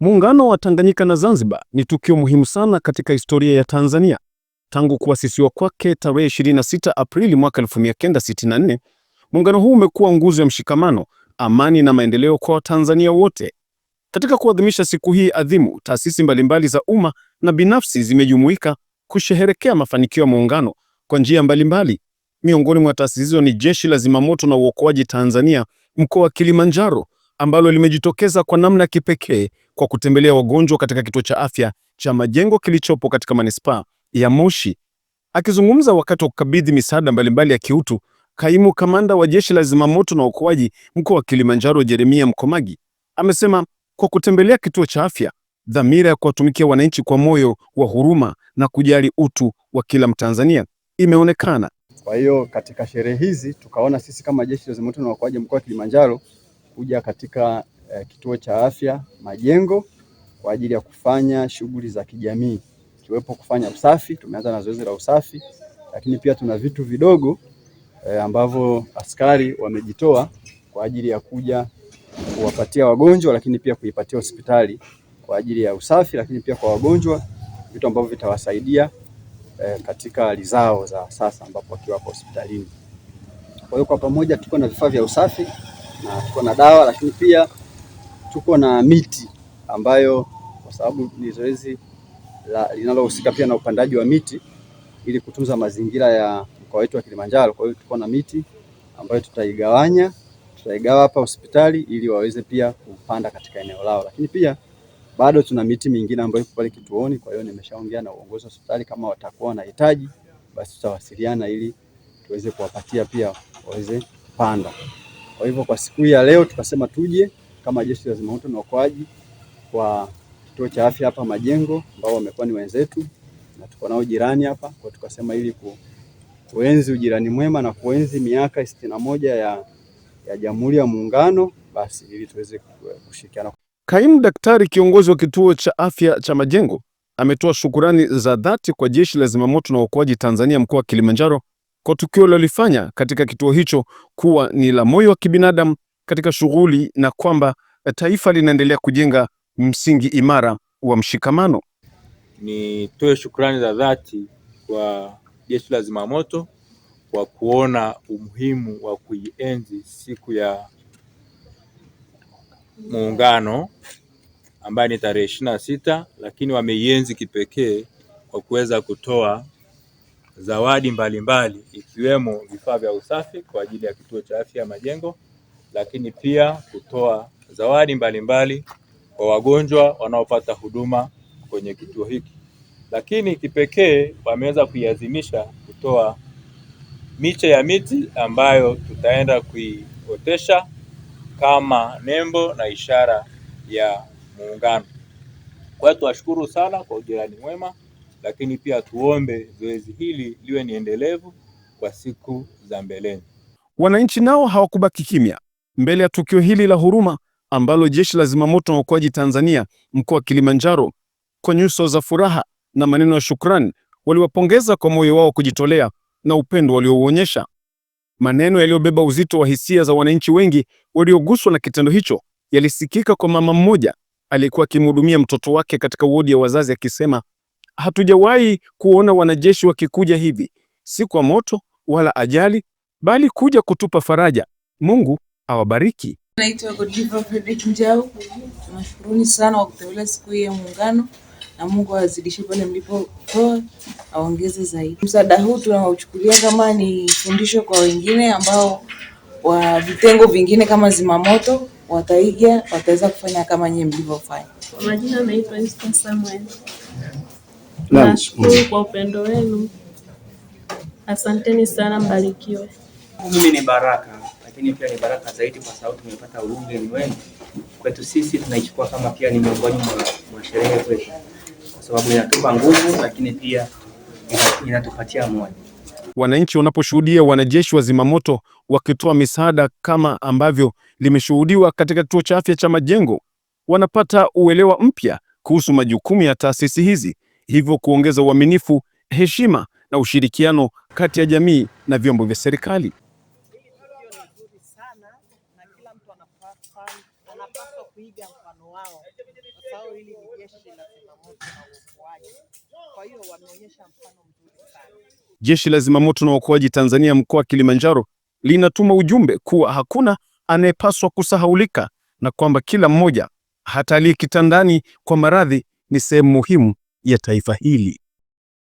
Muungano wa Tanganyika na Zanzibar ni tukio muhimu sana katika historia ya Tanzania. Tangu kuasisiwa kwake tarehe 26 Aprili mwaka 1964, muungano huu umekuwa nguzo ya mshikamano, amani na maendeleo kwa Watanzania wote. Katika kuadhimisha siku hii adhimu, taasisi mbalimbali za umma na binafsi zimejumuika kusherehekea mafanikio ya muungano kwa njia mbalimbali. Miongoni mwa taasisi hizo ni Jeshi la Zimamoto na Uokoaji Tanzania, mkoa wa Kilimanjaro ambalo limejitokeza kwa namna kipekee kwa kutembelea wagonjwa katika kituo cha afya cha Majengo kilichopo katika manispaa ya Moshi. Akizungumza wakati wa kukabidhi misaada mbalimbali ya kiutu, kaimu kamanda wa jeshi la zimamoto na uokoaji mkoa wa Kilimanjaro Jeremia Mkomagi amesema kwa kutembelea kituo cha afya, dhamira ya kuwatumikia wananchi kwa moyo wa huruma na kujali utu wa kila Mtanzania imeonekana. Kwa hiyo katika sherehe hizi tukaona sisi kama jeshi la zimamoto na uokoaji mkoa wa Kilimanjaro kuja katika eh, kituo cha afya Majengo kwa ajili ya kufanya shughuli za kijamii ikiwepo kufanya usafi. Tumeanza na zoezi la usafi, lakini pia tuna vitu vidogo eh, ambavyo askari wamejitoa kwa ajili ya kuja kuwapatia wagonjwa, lakini pia kuipatia hospitali kwa ajili ya usafi, lakini pia kwa wagonjwa vitu ambavyo vitawasaidia eh, katika hali zao za sasa ambapo wakiwa hospitalini. Kwa hiyo kwa pamoja tuko na vifaa vya usafi na tuko na dawa, lakini pia tuko na miti ambayo kwa sababu ni zoezi linalohusika pia na upandaji wa miti ili kutunza mazingira ya mkoa wetu wa Kilimanjaro. Kwa hiyo tuko na miti ambayo tutaigawanya, tutaigawa hapa hospitali ili waweze pia kupanda katika eneo lao, lakini pia bado tuna miti mingine ambayo iko pale kituoni. Kwa hiyo nimeshaongea na uongozi wa hospitali, kama watakuwa wanahitaji basi tutawasiliana ili tuweze kuwapatia pia waweze kupanda. Kwa hivyo kwa siku hii ya leo tukasema tuje kama jeshi la zimamoto na uokoaji kwa kituo cha afya hapa Majengo, ambao wamekuwa ni wenzetu na tuko nao jirani hapa, kwa tukasema ili ku, kuenzi ujirani mwema na kuenzi miaka sitini na moja ya, ya Jamhuri ya Muungano, basi ili tuweze kushirikiana. Kaimu daktari kiongozi wa kituo cha afya cha Majengo ametoa shukurani za dhati kwa jeshi la zimamoto na uokoaji Tanzania mkoa wa Kilimanjaro kwa tukio lilolifanya katika kituo hicho kuwa ni la moyo wa kibinadamu katika shughuli na kwamba eh, taifa linaendelea kujenga msingi imara wa mshikamano. Nitoe shukrani za dhati kwa Jeshi la Zimamoto kwa kuona umuhimu wa kuienzi siku ya Muungano ambayo ni tarehe ishirini na sita, lakini wameienzi kipekee kwa kuweza kutoa zawadi mbalimbali ikiwemo vifaa vya usafi kwa ajili ya kituo cha afya ya majengo, lakini pia kutoa zawadi mbalimbali kwa wagonjwa wanaopata huduma kwenye kituo hiki, lakini kipekee wameweza kuiazimisha kutoa miche ya miti ambayo tutaenda kuiotesha kama nembo na ishara ya muungano. Kwa hiyo tuwashukuru sana kwa ujirani mwema lakini pia tuombe zoezi hili liwe ni endelevu kwa siku za mbeleni. Wananchi nao hawakubaki kimya mbele ya tukio hili la huruma ambalo Jeshi la Zimamoto na Uokoaji Tanzania mkoa wa Kilimanjaro kwa nyuso za furaha na maneno ya shukrani waliwapongeza kwa moyo wao kujitolea na upendo waliouonyesha, maneno yaliyobeba uzito wa hisia za wananchi wengi walioguswa na kitendo hicho yalisikika kwa mama mmoja aliyekuwa akimhudumia mtoto wake katika wodi ya wazazi akisema Hatujawahi kuona wanajeshi wakikuja hivi, si kwa moto wala ajali, bali kuja kutupa faraja. Mungu awabariki. Naitwa Godiva Fredrick Njau. Tunashukuruni sana kwa kuteuliwa siku hii ya Muungano, na Mungu awazidishie pale mlipotoa, aongeze zaidi. Msaada huu tunauchukulia kama ni fundisho kwa wengine ambao wa vitengo vingine kama zimamoto wataiga, wataweza kufanya kama nyinyi mlivyofanya. Majina naitwa Esther Samuel. Nashukuru kwa upendo wenu, asanteni sana, mbarikiwe. Mimi ni baraka, lakini pia ni baraka zaidi kwa sababu tumepata ni wenu. Kwetu sisi tunaichukua kama pia ni miongoni mwa sherehe kwetu, kwa sababu inatupa nguvu, lakini pia inatupatia moyo. Wananchi wanaposhuhudia wanajeshi wa zimamoto wakitoa misaada kama ambavyo limeshuhudiwa katika kituo cha afya cha Majengo, wanapata uelewa mpya kuhusu majukumu ya taasisi hizi hivyo kuongeza uaminifu, heshima na ushirikiano kati ya jamii na vyombo vya serikali. Jeshi la Zimamoto na Uokoaji Tanzania mkoa wa Kilimanjaro linatuma ujumbe kuwa hakuna anayepaswa kusahaulika na kwamba kila mmoja hata aliye kitandani kwa maradhi ni sehemu muhimu ya taifa hili.